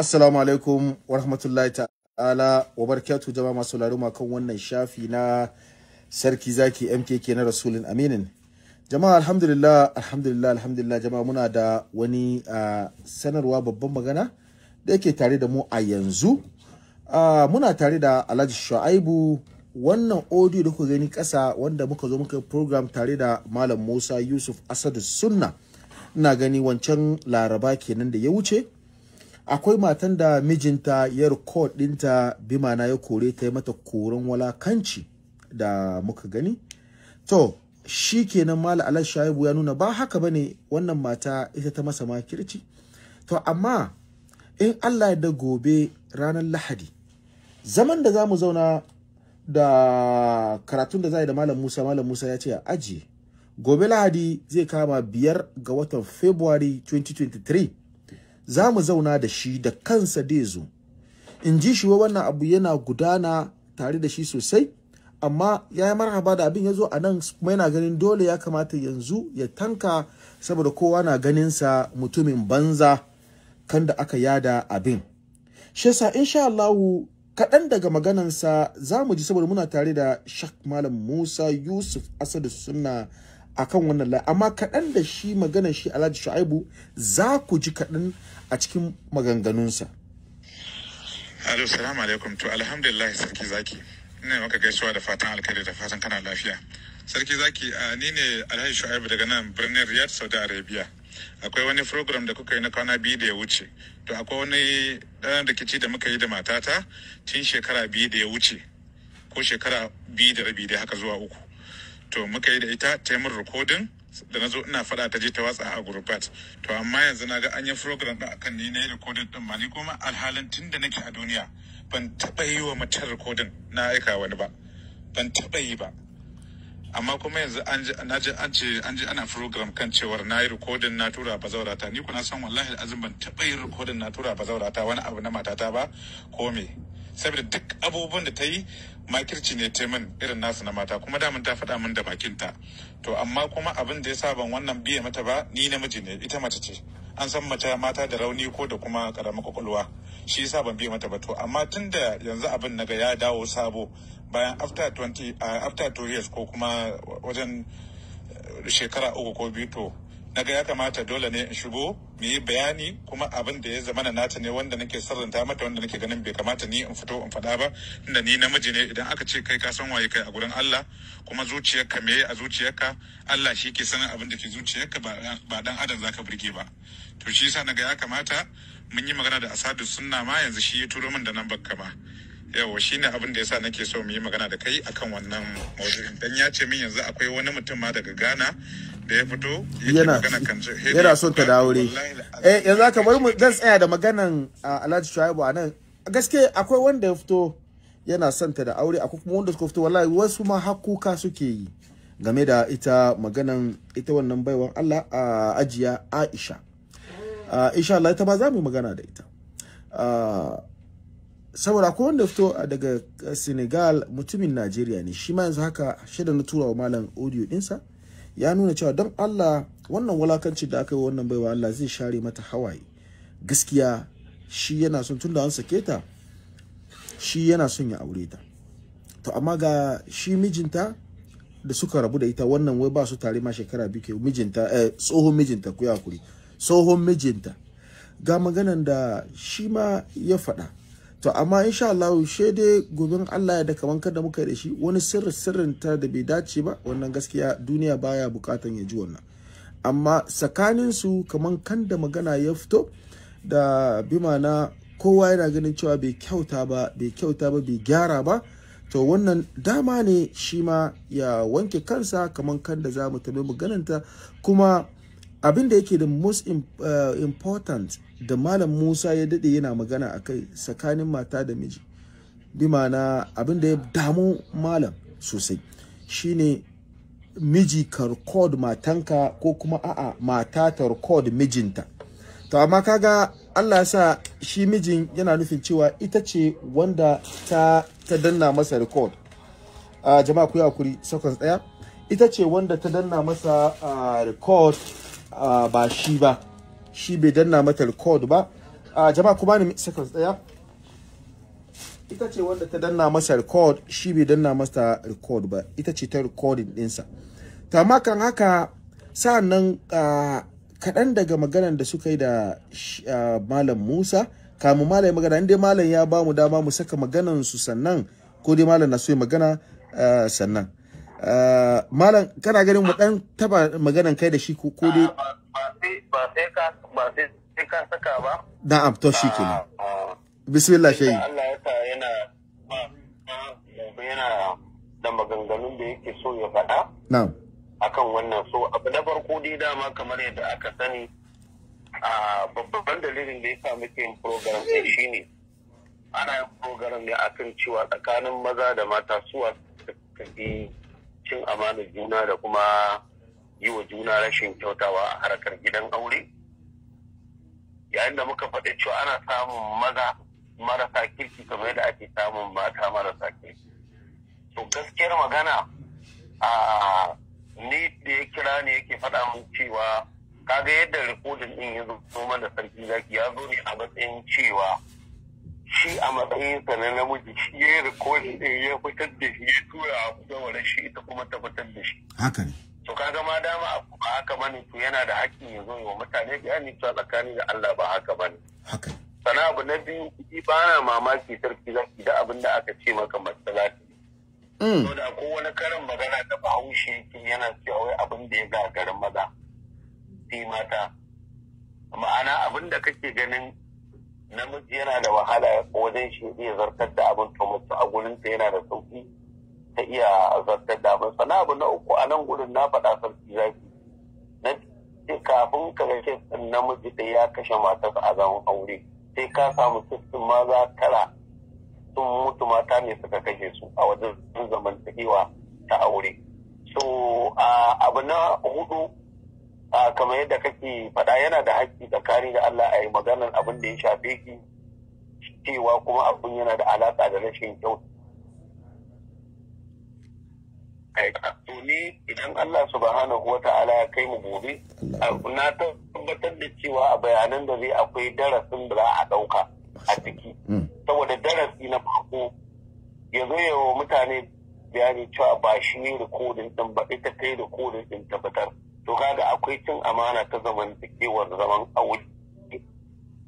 Assalamu alaikum wa rahmatullahi ta'ala wa barakatuhu jama'a masu laruma kan wannan shafi na sarki zaki MKK na Rasulun Aminin. Jama'a alhamdulillah alhamdulillah alhamdulillah jama'a muna da wani sanarwa babban magana da yake tare da mu a yanzu. muna tare da Alhaji Shu'aibu wannan audio da kuka gani kasa wanda muka zo muka program tare da Malam Musa Yusuf Asadu Sunna. Ina gani wancan Laraba kenan da ya wuce. akwai matan da mijinta ya record dinta bimana ya kore ta yi mata koren walakanci da muka gani to shi kenan mala alal shaibu ya nuna ba haka ba ne wannan mata ita ta masa makirci to amma in Allah ya da gobe ranar lahadi zaman da za mu zauna da karatun da za yi da malam musa malam musa ya ce a ajiye gobe lahadi zai kama biyar ga watan february 2023 za mu zauna da shi da kansa dai zo in ji shi wannan abu yana gudana tare da shi sosai amma ya yi marhaba da abin ya zo a nan kuma yana ganin dole ya kamata yanzu ya tanka saboda kowa na ganinsa mutumin banza kan da aka yada abin shi yasa insha Allah kaɗan daga maganansa za mu ji saboda muna tare da shak malam musa yusuf asadu suna. akan wannan layi amma kaɗan da shi maganar shi Alhaji Shu'aibu za ku ji kaɗan a cikin maganganunsa. Alo salamu alaikum to alhamdulillah sarki zaki ina maka gaisuwa da fatan alkhairi da fatan kana lafiya. Sarki zaki ni ne Alhaji Shu'aibu daga nan birnin Riyadh Saudi Arabia. akwai wani program da kuka yi na kwana biyu da ya wuce to akwai wani ɗan rikici da muka yi da matata tun shekara biyu da ya wuce ko shekara biyu da rabi da haka zuwa uku to muka yi da ita ta min rikodin da na zo ina faɗa ta je ta watsa a gurbat to amma yanzu na ga an yi program da akan ni na yi rikodin ɗin ma ni kuma alhalin tun da nake a duniya ban taɓa yi wa mutum rikodin na aika wani ba ban taɓa yi ba amma kuma yanzu an ji an ce an ji ana program kan cewar na yi rikodin na tura ba zaurata ni kuna san wallahi azum ban taɓa yi rikodin na tura ba zaurata wani abu na matata ba ko me saboda duk abubuwan da ta yi makirci ne ta min irin nasu na mata kuma damun ta faɗa min da bakinta to amma kuma abin da ya sa ban wannan biye mata ba ni namiji ne ita mace ce an san mace mata da rauni ko da kuma karamin kwakwalwa shi yasa ban biye mata ba to amma tun da yanzu abin naga ya dawo sabo bayan after 20 uh, years ko kuma wajen uh, shekara uku ko biyu to naga ya kamata dole ne in shigo mu yi bayani kuma abin da ya zama na nata ne wanda nake sarranta mata wanda nake ganin bai kamata ni in fito in faɗa ba inda ni namiji ne idan aka ce kai ka san waye kai a gurin Allah kuma zuciyarka me a zuciyarka Allah shi ke sanin abin da ke zuciyarka ba dan adam zaka burge ba to shi yasa naga ya kamata mun yi magana da asadu sunna ma yanzu shi ya turo min da nan bakka ba. yawa shine abin da ya sa nake so mu yi magana da kai akan wannan maudu'in dan ya ce min yanzu akwai wani mutum ma daga Ghana da ya fito yana yana so ta daure eh yanzu aka bar mu zan tsaya da maganan ah, Alhaji Shuaibu anan gaske akwai wanda ya fito yana son ta da aure akwai kuma wanda suka fito wallahi wasu ma hakuka suke yi game da ita maganan ita wannan baiwan Allah a ah, ajiya Aisha ah, insha Allah ita ba za mu magana da ita saboda ko wanda fito daga senegal mutumin najeriya ne shi ma yanzu haka shida na turawa malam audio dinsa ya nuna cewa don allah wannan wulakanci da aka yi wannan baiwa allah zai share mata hawaye gaskiya shi yana son tun da an sake shi yana son ya aure ta to amma ga shi mijinta da suka rabu da ita wannan wai ba su tare ma shekara biyu ke mijinta eh tsohon mijinta ku ya tsohon mijinta ga maganan da shi ma ya faɗa to amma insha Allah she dai gobin Allah ya da kaman kada muka da shi wani sirri sirrin ta da bai dace ba wannan gaskiya duniya baya bukatan ya ji wannan amma tsakanin su kaman kan da magana ya fito da bima na kowa yana ganin cewa bai kyauta ba bai kyauta ba bai gyara ba to wannan dama ne shi ma ya wanke kansa kaman kan da za mu tabi magananta kuma abin da yake da most eh, important da malam musa ya dade yana magana a kai tsakanin mata da miji bi mana abin da ya damu malam sosai shine miji ka record matanka ko kuma a'a mata ta record mijinta to amma kaga Allah sa shi mijin yana nufin cewa ita ce wanda ta danna masa record a ah, jama'a ku yi hakuri ita ce wanda ta danna masa ah, record ba shi ba shi bai danna mata record ba a jama'a kuma ni seconds daya ita ce wanda ta danna masa record shi bai danna masa record ba ita ce ta recording dinsa to amma kan haka sa'annan kaɗan daga maganan da suka yi da malam musa kamun malam magana inda malam ya ba mu dama mu saka maganan su sannan ko dai malam na so magana sannan Eh, malam kana ganin mu dan taba maganan kai da shi ko dai ah, ba sai ka ba sai ka saka ba na'am to shi ah, kenan ah. bismillah shayi Allah ya sa yana yana da maganganun da yake so ya faɗa na'am akan wannan so abu na farko dai dama kamar yadda aka sani a babban dalilin da ya muke yin program ɗin shine ana yin program ne akan cewa tsakanin maza da mata suwa cin amanar juna da kuma yi wa juna rashin kyautawa a harkar gidan aure yayin da muka faɗi cewa ana samun maza marasa kirki kamar yadda ake samun mata marasa kirki to gaskiyar magana a ni da ya kira ne yake faɗa mun cewa kaga yadda rikodin ɗin ya zo mana sarki zaki ya zo ne a matsayin cewa shi a matsayinsa na namiji shi ya rikodin din ya fitar da shi ya tura a kudawar shi ita kuma ta da shi haka ne to ka gama dama a haka bane to yana da haƙƙi ya zo wa mutane bayani cewa tsakani da Allah ba haka bane haka sana abu na biyu kuɗi ba na mamaki sarki ki da abin da aka ce maka matsala ce mm. da ko wani karin magana da bahaushe yake yana cewa wai abin da ya gagarin maza sai mata ma'ana abin da kake ganin namiji yana da wahala wajen shi iya zartar da abin to mace a gurin ta yana da sauki ta iya zartar da abin sana abu na uku a nan gurin na faɗa sarki zafi. na ce kafin ka ga ɗin namiji da ya kashe matar a zaman aure sai ka samu sistin maza tara sun mutu mata ne suka kashe su a wajen zamantakewa ta aure so abu na hudu a kamar yadda kake faɗa yana da haƙƙi tsakani da Allah a yi maganar abin da ya shafe ki cewa kuma abin yana da alaƙa da rashin kyau to ni idan Allah subhanahu wa ta'ala ya kai mu gobe na tabbatar da cewa a bayanan da zai akwai darasin da za a ɗauka a ciki mm. saboda darasi na farko ya zo yawa mutane bayani cewa ba shi ne rikodin ɗin ba ita kai rikodin ɗin tabbatar. akwai cin amana ta zamantakewar zaman aure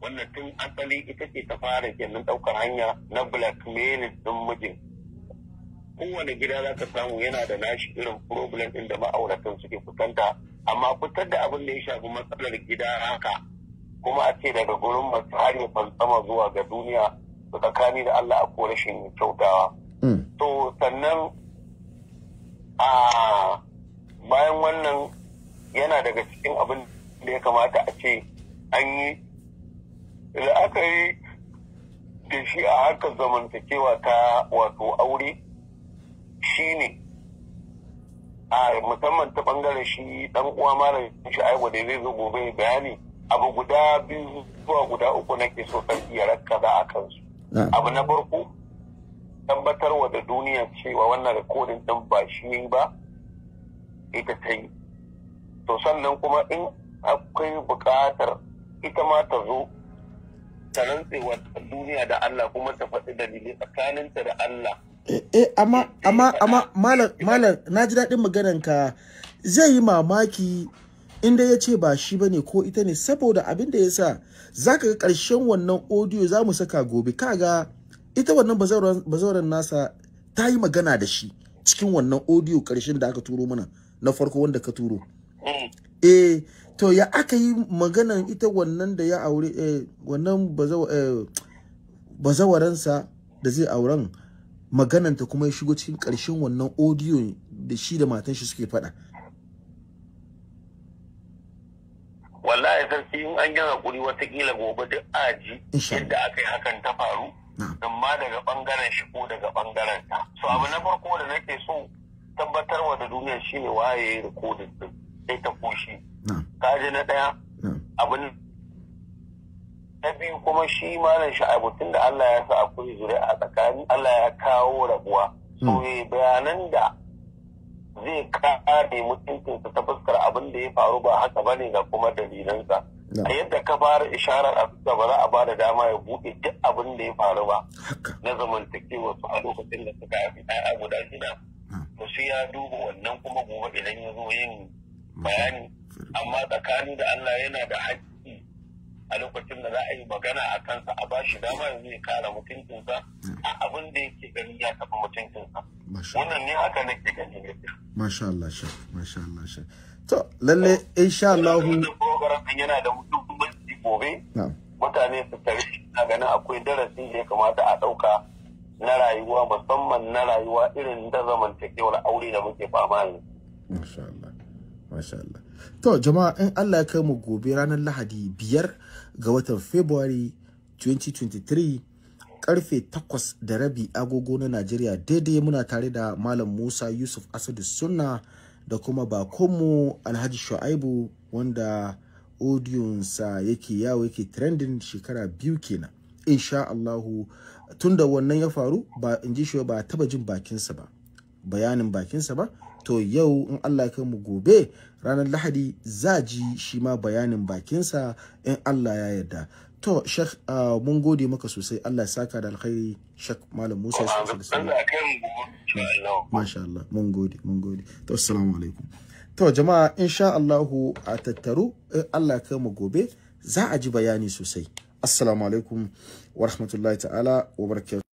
wannan tun asali ita ce ta fara kenan ɗaukar hanya na Black blackmailing din mijin kowane gida za ka samu yana da nashi irin problem ɗin da ma'auratan suke fuskanta amma fitar da abin da ya shafi matsalar gida haka kuma a ce daga gurin masu har ya zuwa ga duniya tsakani da Allah a rashin kyautawa. Hmm. To sannan a bayan wannan yana daga cikin abin da ya kamata a ce an yi la'akari da shi a harkar zamantakewa ta wato aure shi ne. a musamman ta bangaren shi dan uwa malam shi aiwa da zai zo gobe bayani abu guda biyu zuwa guda uku nake so iya rakka za a kansu abu na farko tabbatarwa da duniya cewa wannan rikodin din ba shi ba ita ta yi to sannan kuma in akwai buƙatar ita ma ta zo ta rantsewa duniya da Allah kuma ta faɗi dalilai tsakaninta da Allah eh, eh amma amma amma malam malam na ji daɗin magananka zai yi mamaki inda ya ce ba shi bane ko ita ne saboda abin da ya sa za ka ga ƙarshen wannan audio za mu saka gobe kaga ita wannan bazauran nasa ta yi magana da shi cikin wannan audio ƙarshen da aka turo mana na farko wanda ka turo eh to ya aka yi maganan ita wannan da ya aure eh wannan eh, bazawaransa da zai auren maganan ta kuma ya shigo cikin ƙarshen wannan audio da shi da matan shi suke faɗa. wallahi sarki in an yi hakuri watakila gobe duk aji yadda aka yi hakan ta faru amma daga bangaren shi ko daga bangaren ta so abu na farko da nake so tabbatarwa da duniya shine waye recording din sai ta koshi kaji na ɗaya abin na biyu kuma shi malam sha'abu tun da Allah ya sa akwai zuri'a a tsakani Allah ya kawo rabuwa so hmm. eh, bayanan da zai kare mutuncinsa ta fuskar abin da ya faru ba haka bane ga kuma dalilansa a yadda ka fara isharar abinda ba za a ba da dama ya buɗe duk abin da ya faru ba na zamantakewa su a lokacin da suka yi a guda shida to ya duba wannan kuma gobe idan ya zo yin bayani amma tsakani da Allah yana da haƙƙi a lokacin da za a yi magana a kansa a ba shi dama yanzu ya kara mutuncinsa a abin da yake gani ya taɓa mutuncinsa wannan ne haka ke gani gaskiya masha Allah sha masha Allah sha to lalle insha Allah yana da mutunci gobe mutane su tare na gani akwai darasi da ya kamata a ɗauka na rayuwa musamman na rayuwa irin da zamantakewar aure da muke fama yanzu masha Allah to jama'a in Allah ya kai mu gobe ranar Lahadi biyar ga watan February 2023 karfe takwas da rabi agogo na Najeriya daidai muna tare da Malam Musa Yusuf Asadu Sunna da kuma bakonmu Alhaji Shu'aibu wanda audiyonsa yake yawo yake trending shekara biyu kenan insha Allahu tunda wannan ya faru ba in ji shi ba taba jin bakinsa ba bayanin bakinsa ba to yau in Allah ya mu gobe ranar lahadi za ji shi ma bayanin bakinsa in Allah ya yarda to shek ah, mun gode maka sosai Allah ya saka da alkhairi shek malam Musa masha Allah mun gode mun gode to assalamu alaikum to jama'a insha Allah a tattaru in Allah ya mu gobe za a ji bayani sosai assalamu alaikum wa rahmatullahi ta'ala wa barakatuh